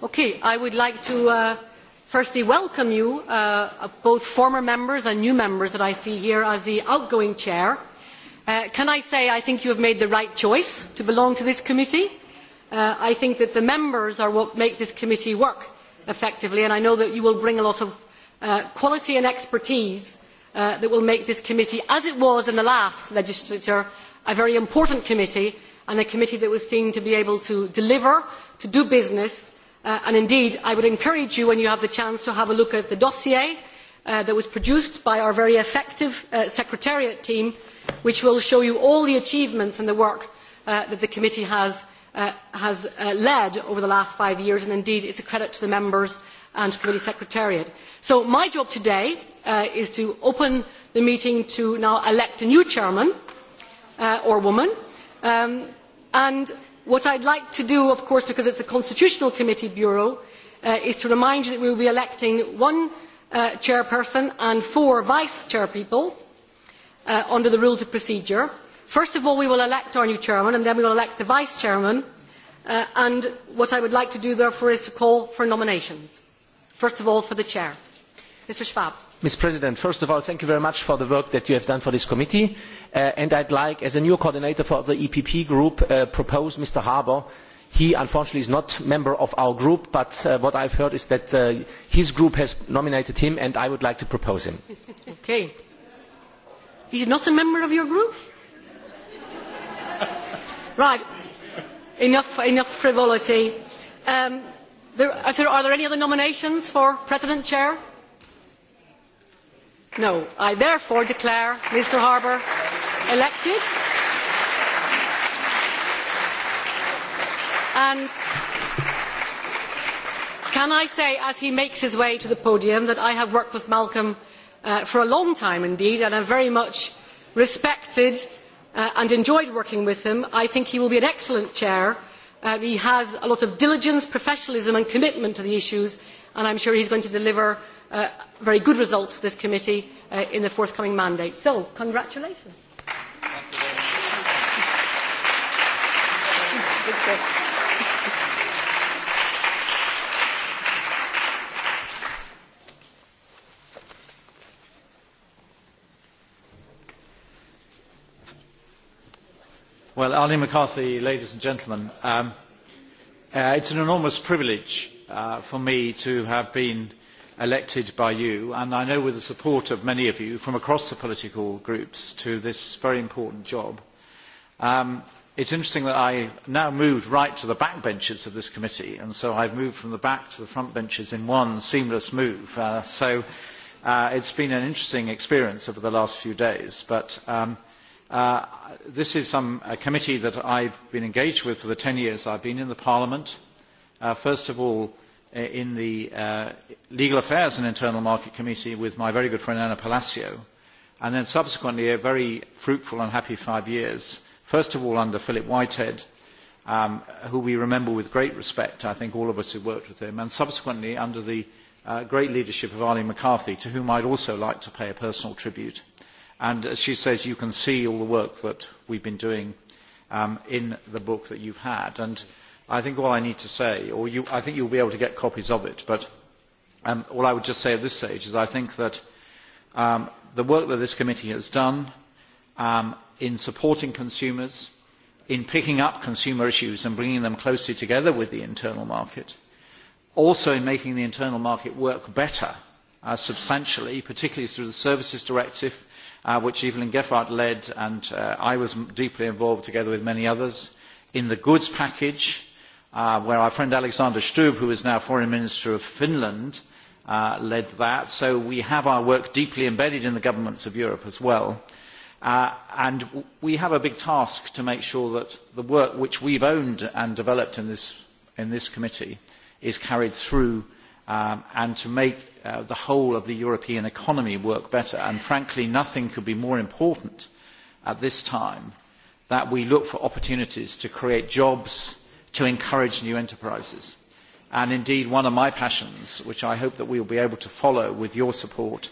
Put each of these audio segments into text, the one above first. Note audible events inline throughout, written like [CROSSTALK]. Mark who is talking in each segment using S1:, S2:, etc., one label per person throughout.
S1: Okay, I would like to uh, firstly welcome you, uh, uh, both former members and new members that I see here as the outgoing chair. Uh, can I say I think you have made the right choice to belong to this committee? Uh, I think that the members are what make this committee work effectively, and I know that you will bring a lot of uh, quality and expertise that will make this committee, as it was in the last legislature, a very important committee and a committee that was seen to be able to deliver, to do business, Uh, and indeed, I would encourage you, when you have the chance, to have a look at the dossier uh, that was produced by our very effective uh, secretariat team, which will show you all the achievements and the work that the committee has, led over the last five years. And indeed, it is a credit to the members and committee secretariat. So my job today is to open the meeting to now elect a new chairman or woman. Um, and what i would like to do of course because it is a constitutional committee bureau uh, is to remind you that we will be electing one uh, chairperson and four vice chairpeople uh, under the rules of procedure. first of all we will elect our new chairman and then we will elect the vice chairman and what i would like to do therefore is to call for nominations first of all for the chair.
S2: Ms. President, first of all, thank you very much for the work that you have done for this committee. Uh, and i would like, as the new coordinator for the EPP group, to uh, propose Mr. Harbour he unfortunately is not a member of our group but uh, what i have heard is that his group has nominated him and i would like to propose him.
S1: [LAUGHS] he is not a member of your group? [LAUGHS] right. enough, frivolity. Um, are there any other nominations for president chair? no i therefore declare mr harbour elected and can i say as he makes his way to the podium that i have worked with malcolm uh, for a long time indeed and i very much respected uh, and enjoyed working with him. i think he will be an excellent chair Uh, he has a lot of diligence, professionalism and commitment to the issues and I am sure he is going to deliver uh, very good results for this committee uh, in the forthcoming mandate. So, congratulations.
S3: Well, Arlene McCarthy, ladies and gentlemen, um, uh, it's an enormous privilege uh, for me to have been elected by you, and I know with the support of many of you from across the political groups, to this very important job. it um, it's interesting that I now moved right to the back benches of this committee, and so I've moved from the back to the front benches in one seamless move. Uh, so it it's been an interesting experience over the last few days, but um, Uh, this is um, a committee that I have been engaged with for the 10 years I have been in the Parliament. Uh, first of all, uh, in the uh, Legal Affairs and Internal Market Committee with my very good friend Anna Palacio, and then subsequently a very fruitful and happy five years, first of all under Philip Whitehead, um, who we remember with great respect, I think all of us who worked with him, and subsequently under the uh, great leadership of Arlene McCarthy, to whom I'd also like to pay a personal tribute. Uh, And as uh, she says, you can see all the work that we've been doing um, in the book that you've had. And I think all I need to say, or you, I think you'll be able to get copies of it, but um, all I would just say at this stage is I think that um, the work that this committee has done um, in supporting consumers, in picking up consumer issues and bringing them closely together with the internal market, also in making the internal market work better – Uh, substantially, particularly through the Services Directive, uh, which Evelyn Geffart led, and uh, I was deeply involved together with many others, in the goods package, uh, where our friend Alexander Stubb, who is now Foreign Minister of Finland, uh, led that. So we have our work deeply embedded in the governments of Europe as well. Uh, and we have a big task to make sure that the work which we've owned and developed in this, in this committee is carried through um, and to make uh, the whole of the European economy work better. And frankly, nothing could be more important at this time that we look for opportunities to create jobs, to encourage new enterprises. And indeed, one of my passions, which I hope that we will be able to follow with your support,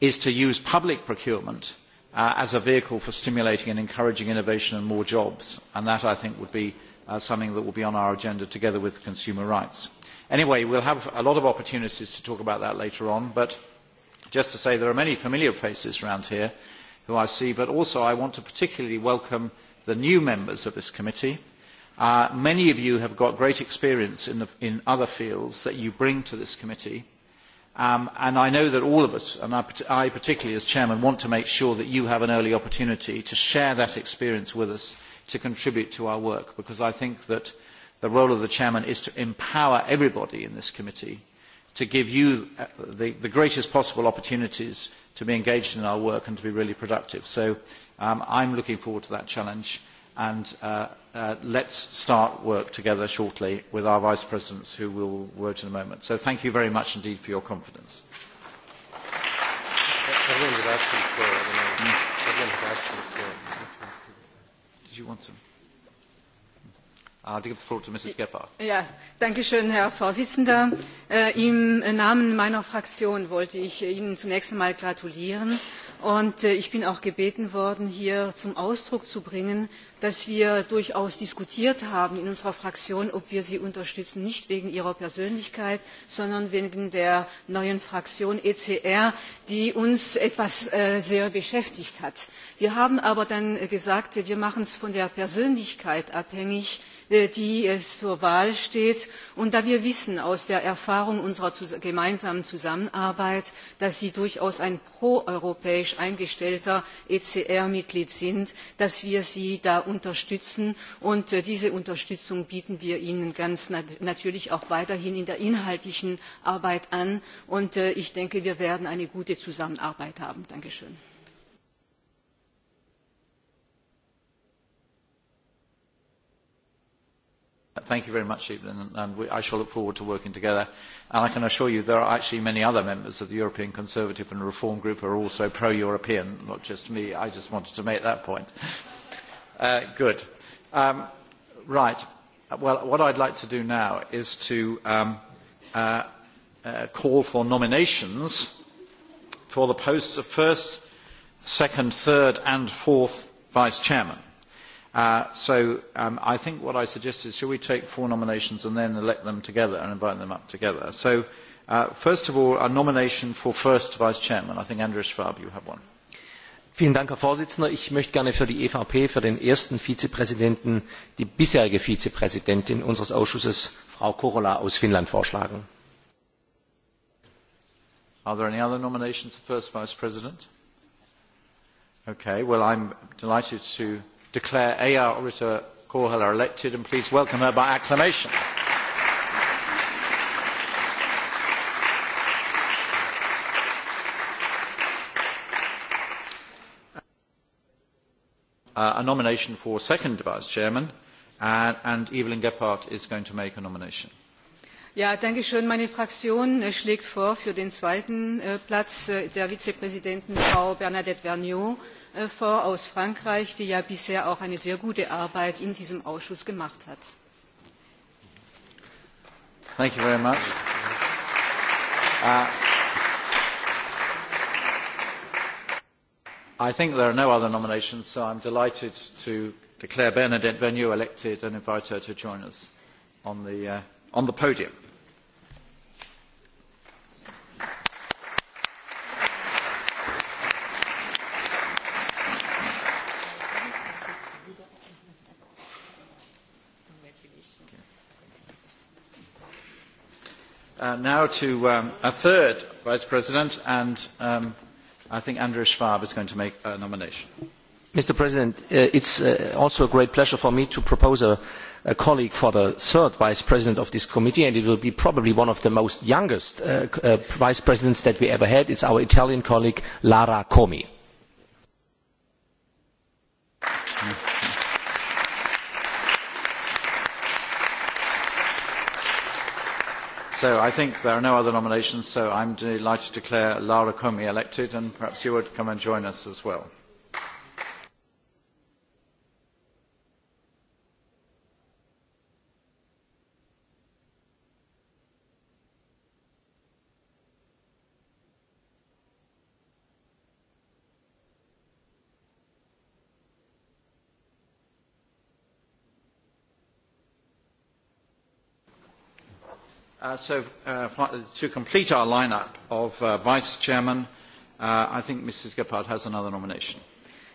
S3: is to use public procurement uh, as a vehicle for stimulating and encouraging innovation and more jobs. And that, I think, would be uh, something that will be on our agenda together with consumer rights. Anyway, we'll have a lot of opportunities to talk about that later on, but just to say there are many familiar faces around here who I see, but also I want to particularly welcome the new members of this committee. Uh, many of you have got great experience in, the, in other fields that you bring to this committee. Um, and I know that all of us, and I, I particularly as chairman, want to make sure that you have an early opportunity to share that experience with us to contribute to our work because I think that the role of the chairman is to empower everybody in this committee to give you uh, the, the greatest possible opportunities to be engaged in our work and to be really productive. So um, I'm looking forward to that challenge and uh, uh, let's start work together shortly with our vice presidents who will vote in a moment. So thank you very much indeed for your confidence.
S4: Everyone would ask for the floor.
S3: Everyone would ask for you want to?
S5: Ja, schön, herr präsident! Äh, im namen meiner fraktion wollte ich ihnen zunächst einmal gratulieren und äh, ich bin auch gebeten worden hier zum ausdruck zu bringen dass wir durchaus diskutiert haben in unserer fraktion ob wir sie unterstützen nicht wegen ihrer persönlichkeit sondern wegen der neuen fraktion ecr die uns etwas äh, sehr beschäftigt hat. wir haben aber dann äh, gesagt wir machen es von der persönlichkeit abhängig Äh, die äh, zur wahl steht und da wir wissen aus der erfahrung unserer gemeinsamen zusammenarbeit dass sie durchaus ein proeuropäisch eingestellter ecr mitglied sind dass wir sie da unterstützen und äh, diese unterstützung bieten wir ihnen ganz natürlich auch weiterhin in der inhaltlichen arbeit an und ich denke wir werden eine gute zusammenarbeit haben.
S3: thank you very much, Evelyn, and we, I shall look forward to working together. And I can assure you there are actually many other members of the European Conservative and Reform Group who are also pro-European, not just me. I just wanted to make that point. Uh, good. Um, right. Well, what I'd like to do now is to um, uh, uh, call for nominations for the posts of first, second, third and fourth vice chairman. Uh, so um, I think what I suggest is should we take four nominations and then elect them together and invite them up together? So uh, first of all, a nomination for first vice chairman. I think Andreas Schwab, you have one.
S2: Vielen Dank, Herr Vorsitzender. Ich möchte gerne für die EVP, für den ersten Vizepräsidenten, die bisherige Vizepräsidentin unseres Ausschusses, Frau Korola aus Finnland, vorschlagen.
S3: Are there any other nominations for first vice president? Okay, well, I'm delighted to declare Aya Rita Korhola elected and please welcome her by acclamation. Uh, a nomination for second vice chairman uh, and Evelyn Gephardt is going to make a nomination.
S5: Ja, danke schön. Meine Fraktion äh, schlägt vor, für den zweiten äh, Platz äh, der Vizepräsidentin Frau Bernadette vergnaud aus Frankreich, die ja bisher auch eine sehr gute Arbeit in diesem Ausschuss gemacht hat.
S3: Thank you uh, I think there are no other nominations, so delighted to declare Bernadette Vergniaud elected and invite her to join us on the uh, podium. Uh, now to um, a third Vice President, and um, I think Andrew Schwab is going to make a nomination.
S2: Mr. President, uh, it's uh, also a great pleasure for me to propose a, a colleague for the third vice president of this committee and it will be probably one of the most youngest uh, uh, vice presidents that we ever had. It's our Italian colleague Lara Comi
S3: So I think there are no other nominations, so I'm delighted to declare Lara Comey elected, and perhaps you would come and join us as well. Uh, so uh, uh, to complete our lineup of uh, vice chairmen, uh, I think Mrs. Gephardt has another nomination.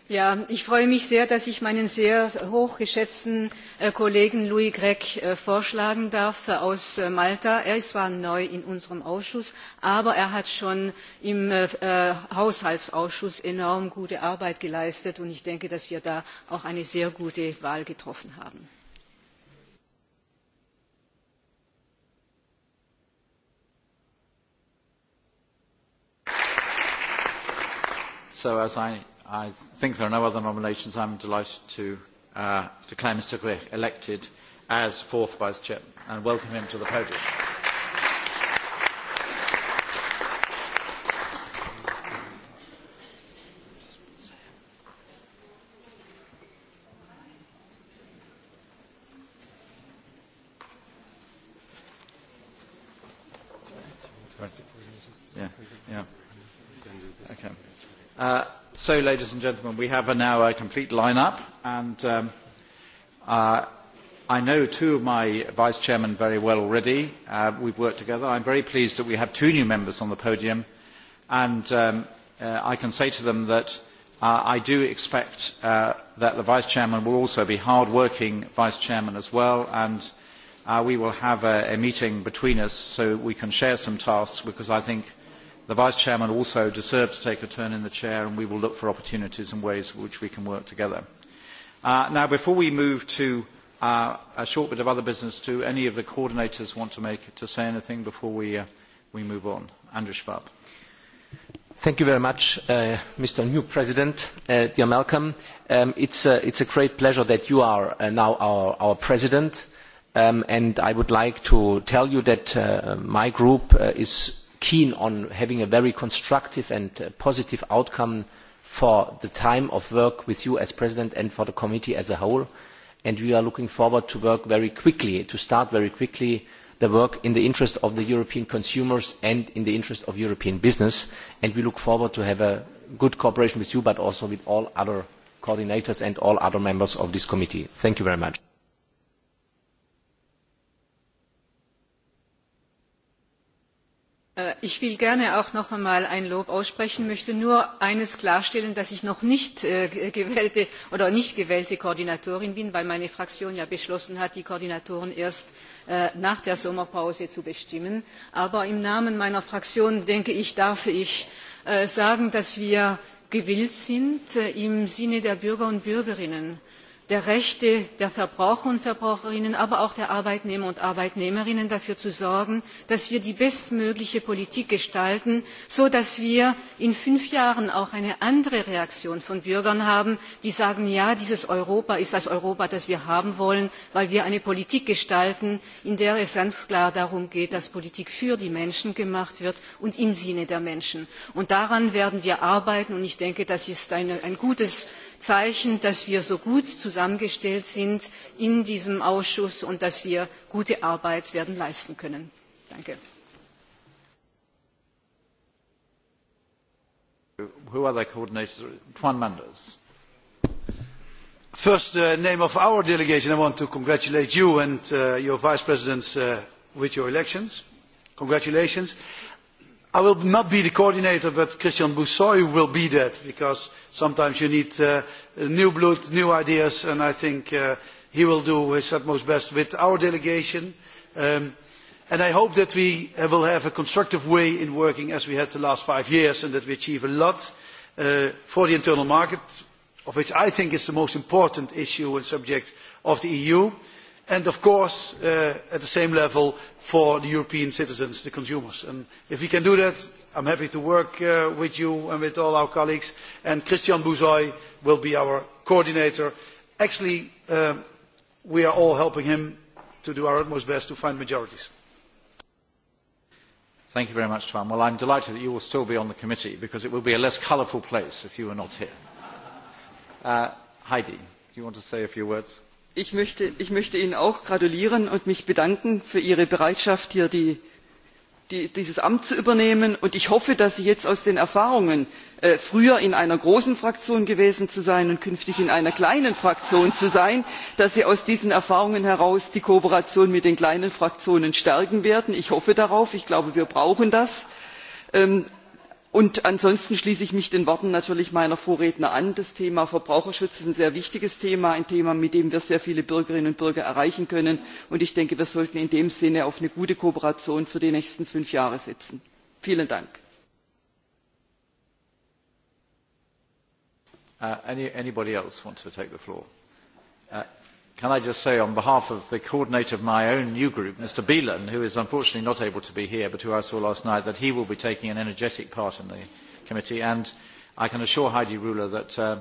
S5: Ja, ich freue mich sehr, dass ich meinen sehr hochgeschätzten äh, Kollegen Louis Gregg äh, vorschlagen darf äh, aus äh, Malta. Er ist zwar neu in unserem Ausschuss, aber er hat schon im äh, äh Haushaltsausschuss enorm gute Arbeit geleistet und ich denke, dass wir da auch eine sehr gute Wahl getroffen haben.
S3: So as I, I think there are no other nominations, I'm delighted to uh, declare Mr. Grech elected as fourth vice chair and welcome him to the podium. So, ladies and gentlemen, we have now a complete lineup, and um, uh, I know two of my vice chairmen very well already. Uh, we've worked together. I'm very pleased that we have two new members on the podium, and um, uh, I can say to them that uh, I do expect uh, that the vice chairman will also be hard-working vice chairman as well, and uh, we will have a, a meeting between us so we can share some tasks because I think The Vice Chairman also deserves to take a turn in the Chair and we will look for opportunities and ways in which we can work together. Uh, now, before we move to uh, a short bit of other business, do any of the coordinators want to, make, to say anything before we, uh, we move on? Andrew Schwab.
S2: Thank you very much, uh, Mr. New President, uh, dear Malcolm. Um, it's, a, it's a great pleasure that you are uh, now our, our President, um, and I would like to tell you that uh, my group uh, is keen on having a very constructive and uh, positive outcome for the time of work with you as president and for the committee as a whole. And we are looking forward to work very quickly, to start very quickly the work in the interest of the European consumers and in the interest of European business. And we look forward to have a good cooperation with you, but also with all other coordinators and all other members of this committee. Thank you very much.
S5: Äh, ich will gerne auch noch einmal ein lob aussprechen möchte nur eines klarstellen dass ich noch nicht äh, gewählte koordinatorin bin weil meine fraktion ja beschlossen hat die koordinatoren erst äh, nach der sommerpause zu bestimmen. aber im namen meiner fraktion denke ich darf ich sagen dass wir gewillt sind im sinne der bürger und bürgerinnen der rechte der verbraucher und verbraucherinnen aber auch der arbeitnehmer und arbeitnehmerinnen dafür zu sorgen dass wir die bestmögliche politik gestalten so dass wir in fünf jahren auch eine andere reaktion von bürgern haben die sagen ja dieses europa ist das europa das wir haben wollen weil wir eine politik gestalten in der es ganz klar darum geht dass politik für die menschen gemacht wird und im sinne der menschen. daran werden wir arbeiten und ich denke das ist ein gutes zeichen dass wir so gut zusammengestellt sind in diesem ausschuss und dass wir gute arbeit werden leisten können. danke.
S4: first in uh, name of our delegation i want to congratulate you and uh, your vice presidents uh, with your elections. congratulations. I will not be the coordinator, but Christian Boussoy will be that, because sometimes you need uh, new blood, new ideas, and I think uh, he will do his utmost best with our delegation. Um, and I hope that we uh, will have a constructive way in working as we had the last five years, and that we achieve a lot uh, for the internal market, of which I think is the most important issue and subject of the EU and of course uh, at the same level for the European citizens, the consumers. if we can do that, i am happy to work uh, with you and with all our colleagues. And Christian buoi will be our coordinator. Actually, um, we are all helping him to do our utmost best to find majorities.
S3: Thank you very much, Tom. Well, am delighted that you will still be on the committee because it will be a less colourful place if you were not here. Uh, Heidi, do you want to say a few words?
S5: ich möchte, ihnen auch gratulieren und mich bedanken für ihre bereitschaft hier dieses amt zu übernehmen und ich hoffe dass sie jetzt aus den erfahrungen äh, früher in einer großen fraktion gewesen zu sein und künftig in einer kleinen fraktion zu sein dass sie aus diesen erfahrungen heraus die kooperation mit den kleinen fraktionen stärken werden. ich hoffe darauf ich glaube wir brauchen das. Ähm, Und ansonsten schließe ich mich den Worten natürlich meiner Vorredner an. Das Thema Verbraucherschutz ist ein sehr wichtiges Thema, ein Thema, mit dem wir sehr viele Bürgerinnen und Bürger erreichen können. Und ich denke, wir sollten in dem Sinne auf eine gute Kooperation für die nächsten fünf Jahre setzen. Vielen Dank.
S3: Uh, any, anybody else want to take the floor? Uh, can I just say on behalf of the coordinator of my own new group, Mr. belen who is unfortunately not able to be here but who I saw last night, that he will be taking an energetic part in the committee. And I can assure Heidi Ruler that uh,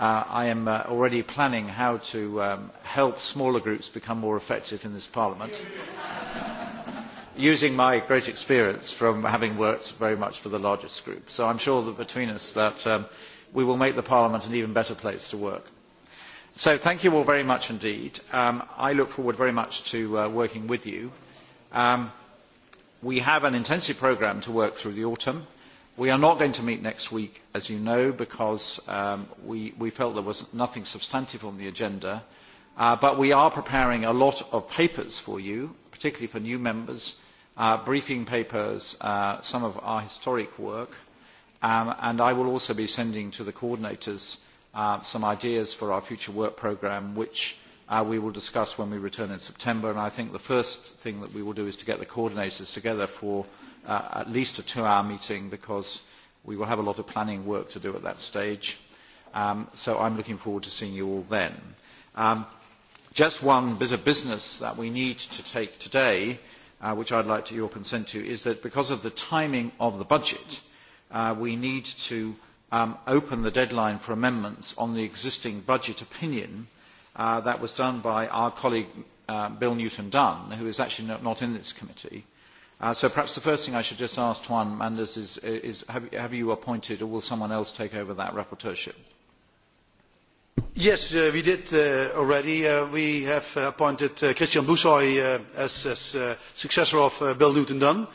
S3: uh I am uh, already planning how to um, help smaller groups become more effective in this parliament, [LAUGHS] using my great experience from having worked very much for the largest group. So I'm sure that between us that um, we will make the parliament an even better place to work. So thank you all very much indeed. Um, I look forward very much to uh, working with you. Um, we have an intensive programme to work through the autumn. We are not going to meet next week, as you know, because um, we, felt there was nothing substantive on the agenda. Uh, but we are preparing a lot of papers for you, particularly for new members, uh, briefing papers, uh, some of our historic work. Um, and I will also be sending to the coordinators Uh, some ideas for our future work programme, which uh, we will discuss when we return in September. And I think the first thing that we will do is to get the coordinators together for uh, at least a two-hour meeting, because we will have a lot of planning work to do at that stage. Um, so I'm looking forward to seeing you all then. Um, just one bit of business that we need to take today, uh, which I'd like to your consent to, is that because of the timing of the budget, uh, we need to um, open the deadline for amendments on the existing budget opinion. Uh, that was done by our colleague uh, Bill Newton Dunn, who is actually not, not in this committee. Uh, so perhaps the first thing I should just ask Tuan Manders is, is have, have, you appointed or will someone else take over that rapporteurship?
S4: Yes, uh, we did uh, already. Uh, we have appointed Christian Busoy as, as successor of Bill Newton Dunn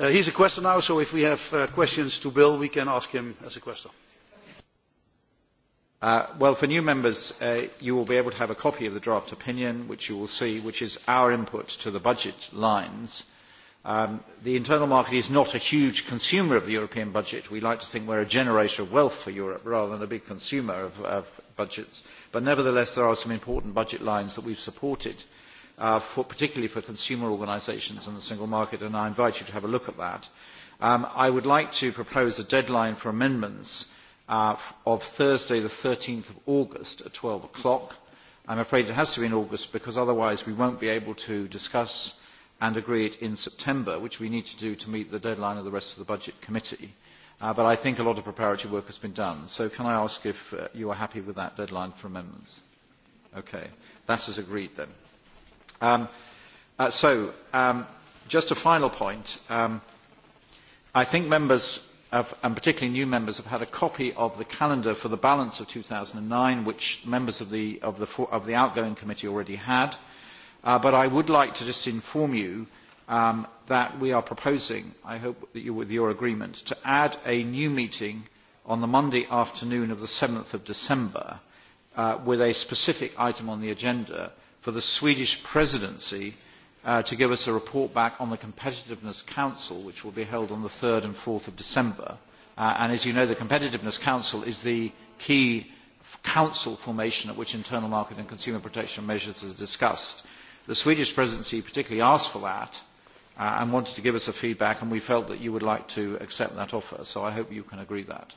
S4: Uh, he is a question now, so if we have uh, questions to Bill, we can ask him as a question.
S3: Uh, well, for new members, uh, you will be able to have a copy of the draft opinion, which you will see, which is our input to the budget lines. Um, the internal market is not a huge consumer of the European budget. We like to think we're a generator of wealth for Europe rather than a big consumer of, of budgets. But nevertheless, there are some important budget lines that we've supported uh, uh, for, particularly for consumer organisations in the single market, and I invite you to have a look at that. Um, I would like to propose a deadline for amendments uh, of Thursday the 13th of August at 12 o'clock. I'm afraid it has to be in August because otherwise we won't be able to discuss and agree it in September, which we need to do to meet the deadline of the rest of the Budget Committee. Uh, but I think a lot of preparatory work has been done. So can I ask if uh, you are happy with that deadline for amendments? Okay. That is agreed then. Um, uh, so, um, just a final point. Um, I think members, have, and particularly new members, have had a copy of the calendar for the balance of 2009, which members of the, of the, of the outgoing committee already had. Uh, but I would like to just inform you um, that we are proposing, I hope that you, with your agreement, to add a new meeting on the Monday afternoon of the 7th of December uh, with a specific item on the agenda for the Swedish presidency uh, to give us a report back on the Competitiveness Council, which will be held on the 3rd and 4th of December. Uh, and as you know, the Competitiveness Council is the key council formation at which internal market and consumer protection measures are discussed. The Swedish presidency particularly asked for that uh, and wanted to give us a feedback, and we felt that you would like to accept that offer. So I hope you can agree that.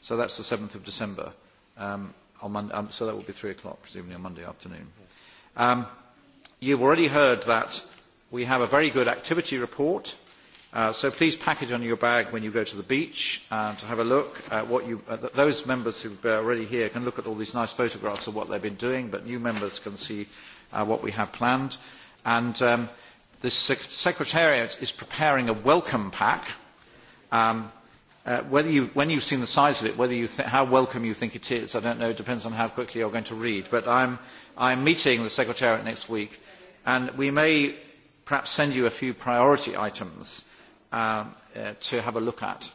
S3: So that's the 7th of December. Um, on Monday, um, so that will be three o'clock, presumably on Monday afternoon. Um, you've already heard that we have a very good activity report, uh, so please pack it on your bag when you go to the beach uh, to have a look at what you, uh, those members who uh, are already here can look at all these nice photographs of what they've been doing, but new members can see uh, what we have planned. And um, the sec Secretariat is preparing a welcome pack. Um, Uh, whether you, when you've seen the size of it, whether you th- how welcome you think it is, I don't know. It depends on how quickly you're going to read. But I'm, I'm meeting the Secretariat next week, and we may perhaps send you a few priority items uh, uh, to have a look at.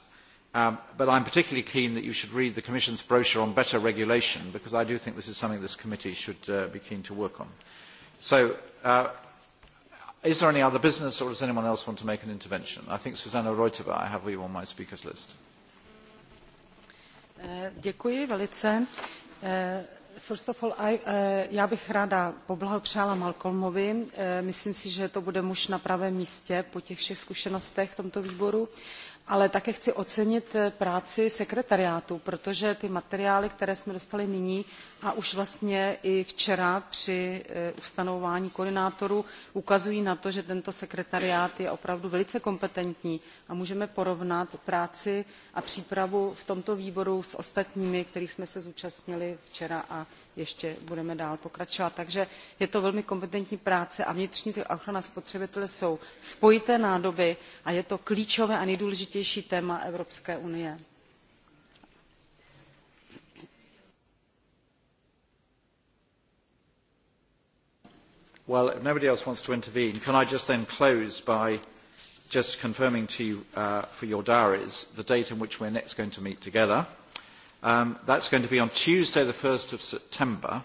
S3: Um, but I'm particularly keen that you should read the Commission's brochure on better regulation, because I do think this is something this committee should uh, be keen to work on. So uh, is there any other business, or does anyone else want to make an intervention? I think Susanna Reutova, I have you on my speakers list.
S5: Eh, děkuji velice. Eh, first of all, I, eh, já bych ráda poblahopřála Malcolmovi. Myslím si, že to bude muž na pravém místě po těch všech zkušenostech v tomto výboru ale také chci ocenit eh, práci sekretariátu protože ty materiály které jsme dostali nyní a už vlastně i včera při eh, ustanovování koordinátorů ukazují na to že tento sekretariát je opravdu velice kompetentní a můžeme porovnat práci a přípravu v tomto výboru s ostatními kterých jsme se zúčastnili včera a ještě budeme dál pokračovat. takže je to velmi kompetentní práce a vnitřní trh a ochrana spotřebitele jsou spojité nádoby a je to klíčové a nejdůležitější téma evropské unie.
S3: Well, if nobody else wants to intervene, can I just then close by just confirming to you uh, for your diaries the date in which we're next going to meet together. Um, that's going to be on Tuesday, the 1st of September.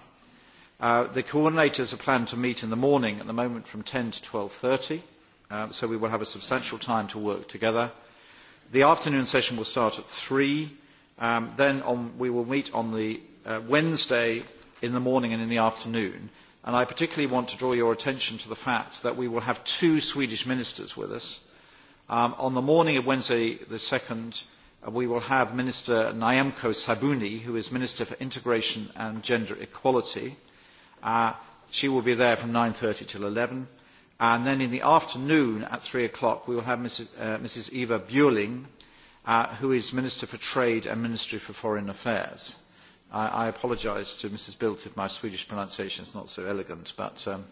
S3: Uh, the coordinators are planned to meet in the morning at the moment from 10 to 12.30, uh, um, so we will have a substantial time to work together. The afternoon session will start at 3. Um, then on, we will meet on the uh, Wednesday in the morning and in the afternoon. And I particularly want to draw your attention to the fact that we will have two Swedish ministers with us. Um, on the morning of Wednesday the 2nd, Uh, we will have Minister Nyamko Sabuni, who is Minister for Integration and Gender Equality. Uh, she will be there from 9.30 till 11. And then in the afternoon at 3 o'clock, we will have Mrs, uh, Mrs. Eva Bueling, uh, who is Minister for Trade and Ministry for Foreign Affairs. I, I apologise to Mrs. Bilt if my Swedish pronunciation is not so elegant, but um,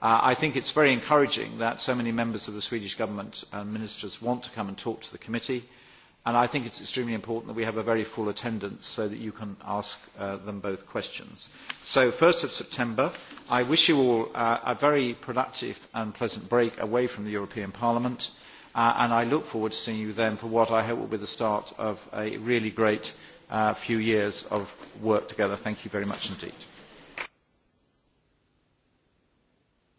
S3: uh, I think it's very encouraging that so many members of the Swedish government and ministers want to come and talk to the committee and I think it's extremely important that we have a very full attendance so that you can ask uh, them both questions. So 1st of September, I wish you all uh, a very productive and pleasant break away from the European Parliament, uh, and I look forward to seeing you then for what I hope will be the start of a really great uh, few years of work together. Thank you very much indeed.